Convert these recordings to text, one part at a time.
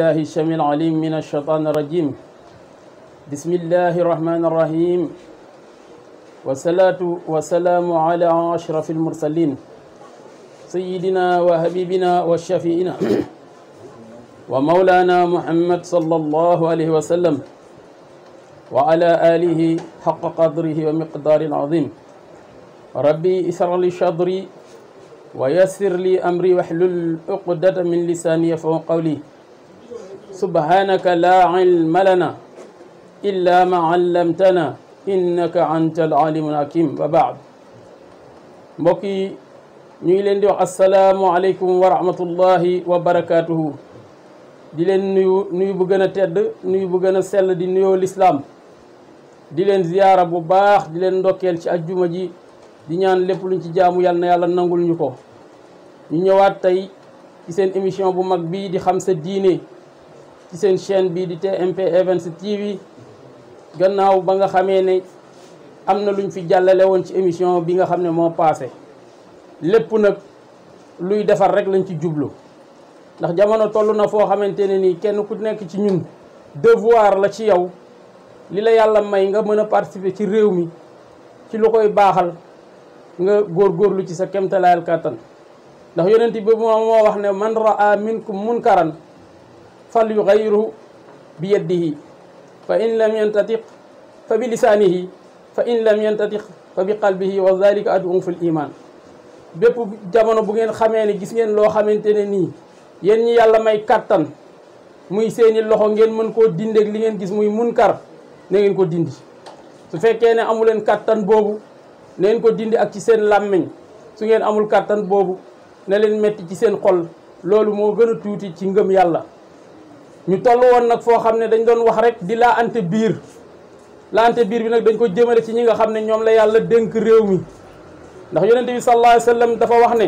بالله السميع العليم من الشيطان الرجيم بسم الله الرحمن الرحيم والصلاة والسلام على أشرف المرسلين سيدنا وحبيبنا وشفيعنا ومولانا محمد صلى الله عليه وسلم وعلى آله حق قدره ومقدار العظيم ربي اسر لي صدري ويسر لي أمري وحلل عقدة من لساني فوق قولي سبحانك لا علم لنا إلا ما علمتنا إنك أنت العليم الحكيم وبعد mbokki ñu ngi leen di wax asalaamualeykum wa rahmatullahi wa barakaatuhu di leen nuyu nuyu bu gën a tedd nuyu bu gën a sell di nuyoo lislaam di leen ziyaara bu baax di leen ndokkeel ci ajjuma ji di ñaan lépp luñ ci jaamu yàlla na yàlla nangul ñu ko ñu ñëwaat tey ci seen émission bu mag bii di xam sa diine ci seen chaîne bi di TMP Events TV gannaaw ba nga xamé né amna luñ fi jallalé won ci émission bi nga xamné mo passé lepp nak luy défar rek lañ ci jublu ndax jamono tollu na fo xamanténi ni kenn ku nekk ci ñun devoir la ci yow lila yalla may nga mëna participer ci réew mi ci lu koy baxal nga lu ci sa kemtalaayal katan ndax yonenti bi mo wax ne man raa minkum munkaran fal yuxayiruhu bi yeddihi fa in lam yantatiq fa bi lisaanihi fa in lam yantatiq fa bi qalbihi wa dalika adum fil iman bépp jamono bu ngeen xamee ne gis ngeen loo xamante ne nii yéen ñi yàlla may kàttan muy seeni loxo ngeen mën koo dindeeg li ngeen gis muy munkar na ngeen ko dindi su fekkee ne amu leen kàttan boobu na ngeen ko dindi ak ci seen làmmiñ su ngeen amul kàttan boobu na leen metti ci seen xol loolu moo gën tuuti ci ngëm yàlla ñu tollu won nak fo xamne dañ doon wax rek di la ante bir la ante bir bi nak dañ ko jëmele ci ñi nga xam ne la yàlla dénk rew mi ndax yaronte bi sallallahu alayhi wasallam dafa wax ne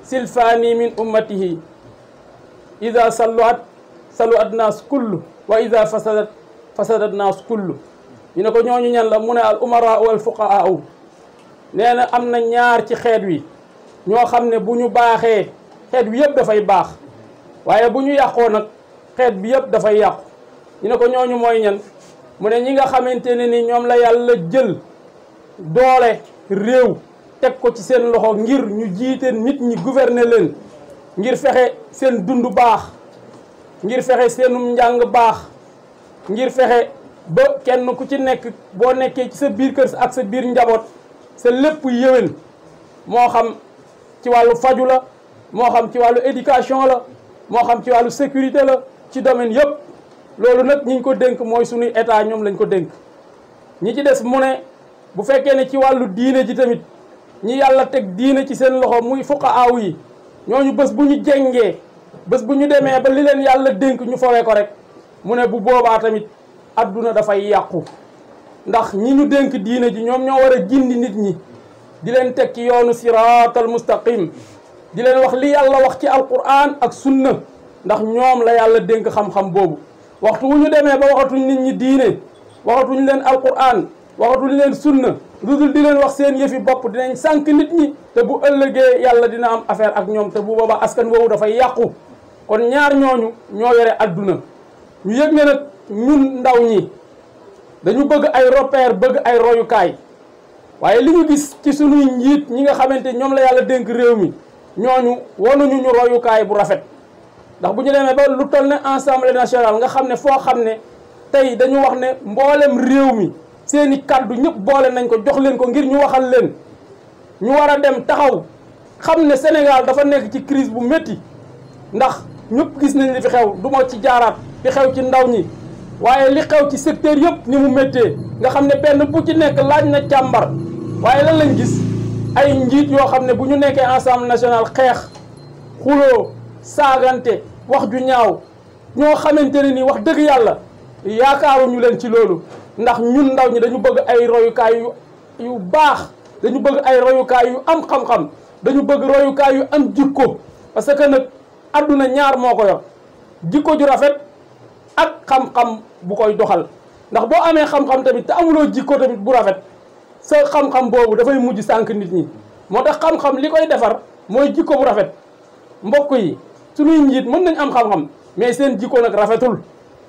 silfani min ummatihi idha sallu salu adnas kullu wa idha fasadat fasadat nas kullu ñu ne ko ñooñu ñan la mu al umara wal fuqaa neena amna ñaar ci xeet wi ño xamne buñu baxé ñu xeet wi yeb da fay bax waye buñu yàqoo nak xeet bi yëpp dafay yàqu ñu ne ko ñooñu mooy ñan mu ne ñi nga xamante ne ni ñoom la yàlla jël doole réew teg ko ci seen loxo ngir ñu jiite nit ñi gouverner leen ngir fexe seen dund baax ngir fexe seenu njàng baax ngir fexe ba kenn ku ci nekk boo nekkee ci sa biir kër sa ak sa biir njaboot sa lépp yéwén moo xam ci wàllu faju la moo xam ci wàllu éducation la moo xam ci wàllu sécurité la ci domaine yëpp loolu nag ñi ko dénk mooy sunuy état ñoom lañ ko dénk ñi ci des mu ne bu fekkee ne ci wàllu diine ji tamit ñi yàlla teg diine ci seen loxo muy aw yi ñooñu bés bu ñu jengee bés bu ñu demee ba li leen yàlla dénk ñu fawee ko rek mu ne bu boobaa tamit adduna dafay yàqu ndax ñi ñu dénk diine ji ñoom ñoo war a gindi nit ñi di leen teg ci yoonu siraatal mustaqim di leen wax li yàlla wax ci alquran ak sunna ndax ñoom la yàlla dénk xam-xam boobu waxtu wu ñu demee ba waxatuñ nit ñi diine waxatuñ leen alquran waxatuñ leen sunna lu dul di leen wax seen yëfi bopp dinañ sànq nit ñi te bu ëllëgee yàlla dina am affaire ak ñoom te bu boobaa askan woowu dafay yàqu kon ñaar ñooñu ñoo yore àdduna ñu yëg ne nag ñun ndaw ñi dañu bëgg ay repère bëgg ay royukaay waaye li ñu gis ci sunuy njiit ñi nga xamante ñoom la yàlla dénk réew mi ñooñu wanuñu ñu royukaay bu rafet ndax bu ñu demee ba lu toll ne assemblée nationale nga xam ne foo xam ne tey dañu wax ne mboolem réew mi seeni kàddu ñëpp boole nañ ko jox leen ko ngir ñu waxal leen ñu war a dem taxaw xam ne Sénégal dafa nekk ci crise bu métti ndax ñëpp gis nañ li fi xew du ci jaaraat li xew ci ndaw ñi waaye li xew ci secteur yëpp ni mu méttee nga xam ne benn bu ci nekk laaj na càmbar waaye lan lañ gis ay njiit yoo xam ne bu ñu nekkee Assemblée national xeex xuloo saagante wax ju ñaaw ñoo xamante ne ni wax dëgg yàlla ñu leen ci loolu ndax ñun ndaw ñi dañu bëgg ay royukaay yu yu baax dañu bëgg ay royukaay yu am xam-xam dañu bëgg royukaay yu am jikko parce que nag àdduna ñaar moo ko yor jikko ju rafet ak xam-xam bu koy doxal ndax boo amee xam-xam tamit te amuloo jikko tamit bu rafet sa xam-xam boobu dafay mujj sànq nit ñi moo tax xam-xam li koy defar mooy jikko bu rafet mbokk yi suñuy njiit mën nañ am xam-xam mais seen jikko nag rafetul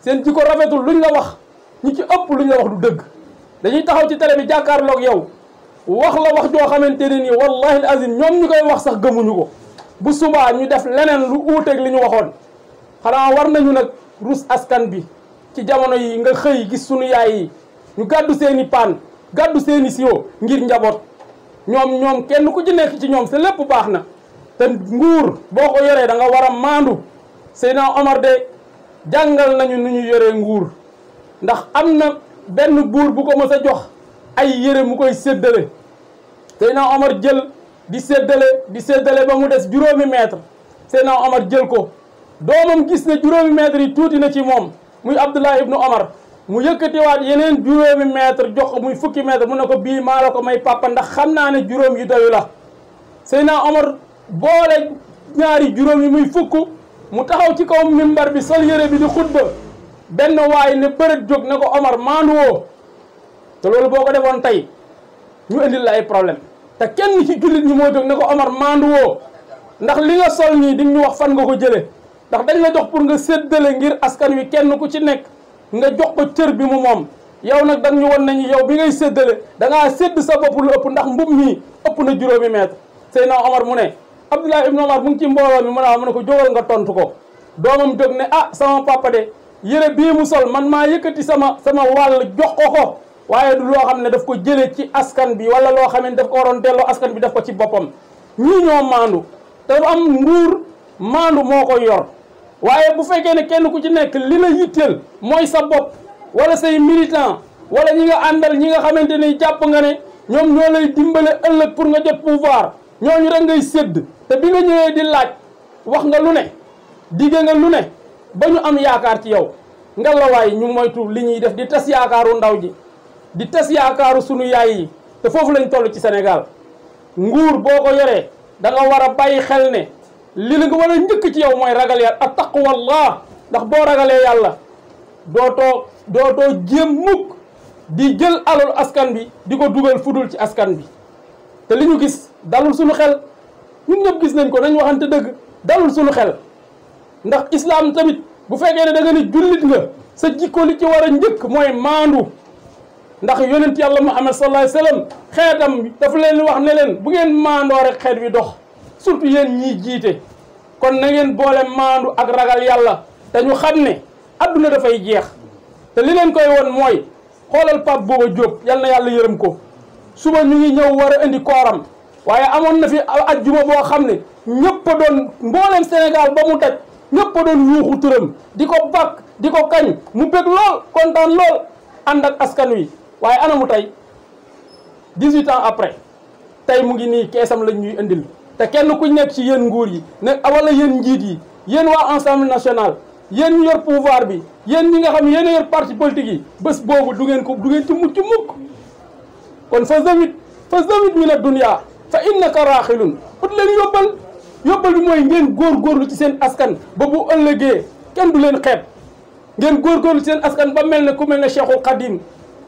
seen jikko rafetul luñ la wax ñu ci ëpp luñ la wax du dëgg dañuy taxaw ci télé bi jàkkaarloog yow wax la wax joo xamante ne nii wallahi al azim ñoom ñu koy wax sax gëmuñu ko bu subaa ñu def leneen lu uuteeg li ñu waxoon xanaa war nañu nag rus askan bi ci jamono yi nga xëy gis sunu yaay yi ñu gàddu seeni paan gàddu seeni i ngir njaboot ñoom ñoom kenn ku ci nekk ci ñoom sa lépp baax na te nguur boo ko yoree da nga war a maandu Seydina Omar de jàngal nañu nu ñu yoree nguur ndax am na benn buur bu ko mës a jox ay yére mu koy séddale Seydina Omar jël di séddale di séddale ba mu des juróomi mètre Seydina Omar jël ko doomam gis ne juróomi mètre yi tuuti na ci moom muy Abdullah ibnu Omar mu yëkkatiwaat yeneen juróomi mètre jox muy fukki mètre mu na ko bii maa la ko may pàppal ndax xam naa ne juróom yi doyu la Seydina Omar boole ñaari juróom yi muy fukk mu taxaw ci kaw mimbar bi sol yére bi di xutba benn waay ne bërët jóg na ko Omar maanduwoo te loolu boo ko defoon tey ñu indil la ay problème te kenn ci jullit ñi moo jóg ne ko Omar maanduwoo ndax li nga sol nii di ñu wax fan nga ko jële ndax dañ la jox pour nga séddale ngir askan wi kenn ku ci nekk nga jox ko cër bi mu moom yow nag dañ ñu won nañu yow bi ngay séddale danga ngaa sédd sa bopp lu ëpp ndax mbub mii ëpp na juróomi mètre Seydina Omar mu ne Abdoulaye Ibn Omar mu ngi ci mbooloo mi mu a ma a ko jógal nga tontu ko doomam jóg ne ah sama papa de yére bii mu sol man maa yëkkati sama sama wàll jox ko ko waaye du loo xam ne daf ko jëlee ci askan bi wala loo xam ne daf ko waroon delloo askan bi daf ko ci boppam ñii ñoo maandu te am nguur maandu moo ko yor waaye bu fekkee ne kenn ku ci nekk li la yitteel mooy sa bopp wala say militant wala ñi nga àndal ñi nga xamante ne jàpp nga ne ñoom ñoo lay dimbale ëllëg pour nga jot pouvoir ñooñu rek ngay sédd te bi nga ñëwee di laaj wax nga lu ne digge nga lu ne ba ñu am yaakaar ci yow nga lawaay ñu moytu li ñuy def di tas yaakaaru ndaw ji di tas yaakaaru sunu yaay yi te foofu lañ toll ci Sénégal nguur boo ko da nga war a xel ne li la nga war a njëkk ci yow mooy ragal yàlla taqwa allah ndax boo ragalee yàlla dootoo dootoo jéem mukk di jël alal askan bi di ko dugal fudul ci askan bi te li ñu gis dalul sunu xel ñun ñëpp gis nañ ko nañ waxante dëgg dalul suñu xel ndax islam tamit bu fekkee ne da nga ni jullit nga sa jikkoo li ci war a njëkk mooy maandu ndax yonent yàlla muhammad sallallahu alayhi wasallam xeetam dafa leen wax ne leen bu ngeen maandoo rek xeet wi dox surtout yéen ñiy jiite kon na ngeen boole maandu ak ragal yàlla dañu xam ne adduna dafay jeex te li leen koy woon mooy xoolal Pape Bouba Diop yal na yàlla yërëm ko suba ñu ngi ñëw war a indi kooram waaye amoon na fi ajjuma boo xam ne ñëpp a doon mboolem Sénégal ba mu daj ñëpp a doon yuuxu turam di ko bàkk di ko kañ mu bëgg lool kontaan lool ànd ak askan wi waaye mu tey 18 ans après tey mu ngi nii keesam lañ ñuy indil te kenn ku nekk ci yéen nguur yi ne wala yéen njiit yi yenn waa ensemble national yéen ñu yor pouvoir bi yéen ñi nga xam yéen a yor parti politique yi bés boobu du ngeen ko du ngeen ci mucc mukk kon fa zawit fa zawit mi na فإنك innaka raaxilun ut leen yóbbal yóbbal bi غور ngeen góorgóorlu ci seen askan ba bu ëllëgee kenn du leen غور ngeen góorgóorlu ci seen askan ba mel ne ku mel ne غور Khadim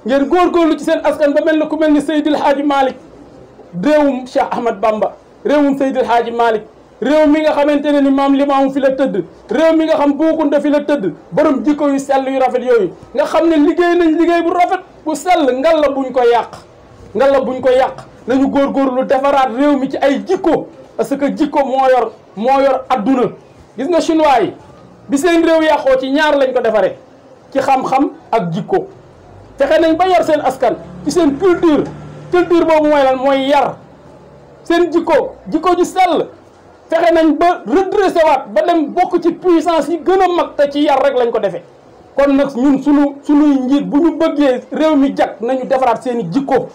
ngeen góorgóorlu ci seen askan ba mel ne ku mel ne Seydil Hadji Malick réewum Cheikh Ahmad Bamba réewum Seydil Hadji Malick réew mi nga xamante ne ni maam limaamu fi la tëdd réew mi nga xam buukunda fi la tëdd borom nga xamne ne nañ liggéey bu rafet bu sell ngal la buñ ko yàq ngal la buñ ko yàq nañu góor góorgóorlu defaraat réew mi ci ay jikko parce que jikko moo yor moo yor adduna gis nga chinois yi bi seen réew yàqoo ci ñaar lañ ko defaree ci xam-xam ak jikko fexe nañ ba yor seen askan ci seen culture culture boobu mooy lan mooy yar seen jikko jikko ju sell fexe nañ ba redressé waat ba dem bokk ci puissance yi gëna mag te ci yar rek lañ ko defee kon nag ñun sunu sunuy njiit bu ñu bëggee réew mi jag nañu defaraat seen i jikko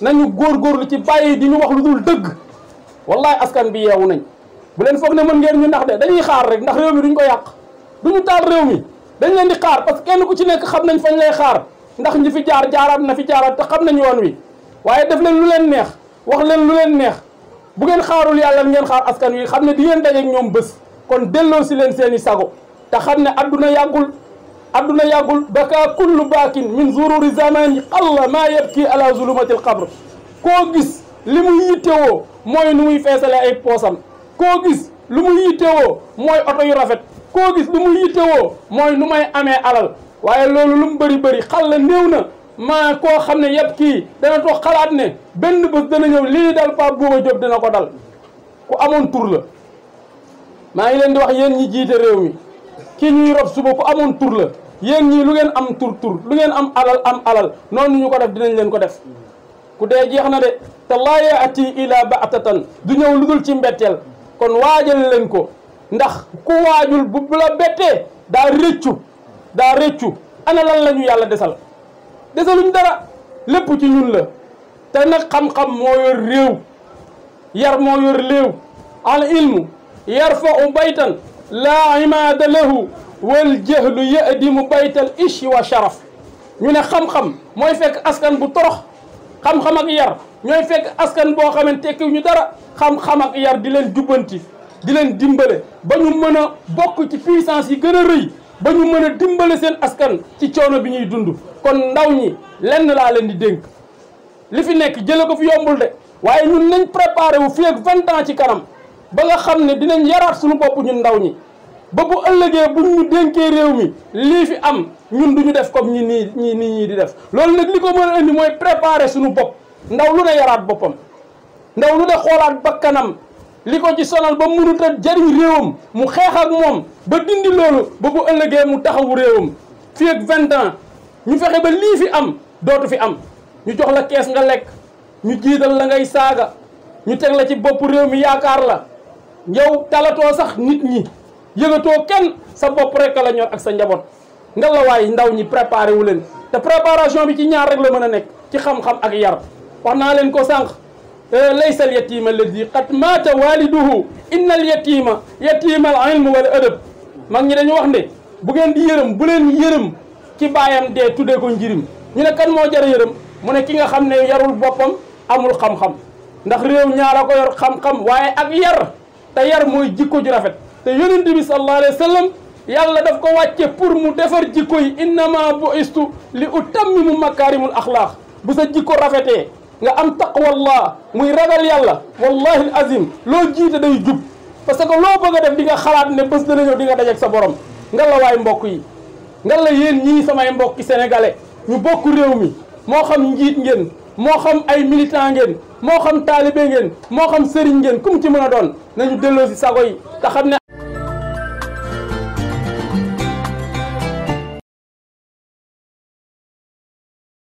nañu góor góorgóorlu ci bàyyi di ñu wax lu dul dëgg wallaay askan bi yeewu nañ bu leen foog ne mën ngeen ñu ndax de dañuy xaar rek ndax réew mi duñ ko yàq duñu taal réew mi dañ leen di xaar parce que kenn ku ci nekk xam nañ fañ lay xaar ndax ñi fi jaar jaaraat na fi jaaraat te xam nañu yoon wi waaye def leen lu leen neex wax leen lu leen neex bu ngeen xaarul yàlla ngeen xaar askan wi xam ne di ngeen dajeeg ñoom bés kon delloo si leen seen i sago te xam ne adduna yàggul أدنى يقول بكى كل باكين من زرور زمان الله ما يبكي على ظلمات القبر كوغيس لمو يتيو موي نوي فيصل اي بوسام كوغيس لمو يتيو موي اوتو يي رافيت كوغيس لمو يتيو موي نوماي امي علال وايي لولو لوم بري بري نيونا ما كو خامن يبكي دا نتو خالات ني بن بس دا نيو لي دال با بوغا جوب دا نكو كو امون تور ما ngi len di wax yeen kii ñuy rob suba ku amoon tur la yéen ñii lu ngeen am tur tur lu ngeen am alal am alal noonu ñu ko def dinañ leen ko def ku dee jeex na de te laa yaati ba baatatan du ñëw lu dul ci mbetteel kon waajal leen ko ndax ku waajul bu bu la bettee daa rëccu daa rëccu ana lan la yàlla desal desaluñ dara lépp ci ñun la te nag xam-xam moo yor réew yar moo yor réew al ilmu yar fa u baytan لا عماد له والجهل يأدم بيت الإش وشرف من خم خم ما يفك أسكن بطرخ خم خم أغير ما يفك أسكن بوقا من تكيو ندارا خم خم أغير دلن جبنتي دلن ديمبلي بنيو منا بوكو تي فيسانس يغرري بنيو منا ديمبلي سين أسكن تي تشونو بني دوندو كون داوني لن لا لن دي دينك لفي نيك جيلوكو في يومبل دي واي نون نين بريباري وفيك 20 ans ci كرام ba nga xam ne dinañ yaraat suñu bopp ñun ndaw ñi ba bu ëllëgee buñ ñu dénkee réew mi lii fi am ñun duñu def comme ñi ñi ñi ñi di def loolu nag li ko mën a indi mooy préparer suñu bopp ndaw lu ne yaraat boppam ndaw lu ne xoolaat bakkanam li ko ci sonal ba mënut a jariñ réewam mu xeex ak moom ba dindi loolu ba bu ëllëgee mu taxawu réewam fii ak 20 ans ñu fexe ba lii fi am dootu fi am ñu jox la kees nga lekk ñu jiital la ngay saaga ñu teg la ci bopp réew mi yaakaar la yow talatoo sax nit ñi yëgatoo kenn sa bopp rek la ñor ak sa njaboot nga waay ndaw ñi préparé wu leen te préparation bi ci ñaar rek la mën a nekk ci xam-xam ak yar wax naa leen ko sànq euh, laysa al yatima alladi qad maata waliduhu inna al yatima yatima al mu wal adab mag ñi dañu wax ne bu ngeen di yërëm bu leen yërëm ci bàyyam dee tuddee ko njirim ñu ne kan moo jar yërëm mu ne ki nga xam ne yarul boppam amul xam-xam ndax réew ñaara ko yor waaye ak yar te yar mooy jikko ju rafet te yonent bi sallallahu alayhi wa yàlla daf ko wàcce pour mu defar jikko yi innama bu'istu li u mu makaarimul axlaaq bu sa jikko rafetee nga am taqwallah muy ragal yàlla wallahi al azim loo jiite day jub parce que loo bëgg a def di nga xalaat ne bés dana ñëw di nga dajeek sa borom nga mbokk yi nga la yéen ñii samay mbokki sénégalais ñu bokk réew mi moo xam njiit ngeen moo xam ay militant ngeen moo xam taalibe ngeen moo xam sëriñ ngeen ku mu ci mën a doon nañu delloo si sago yi xam ne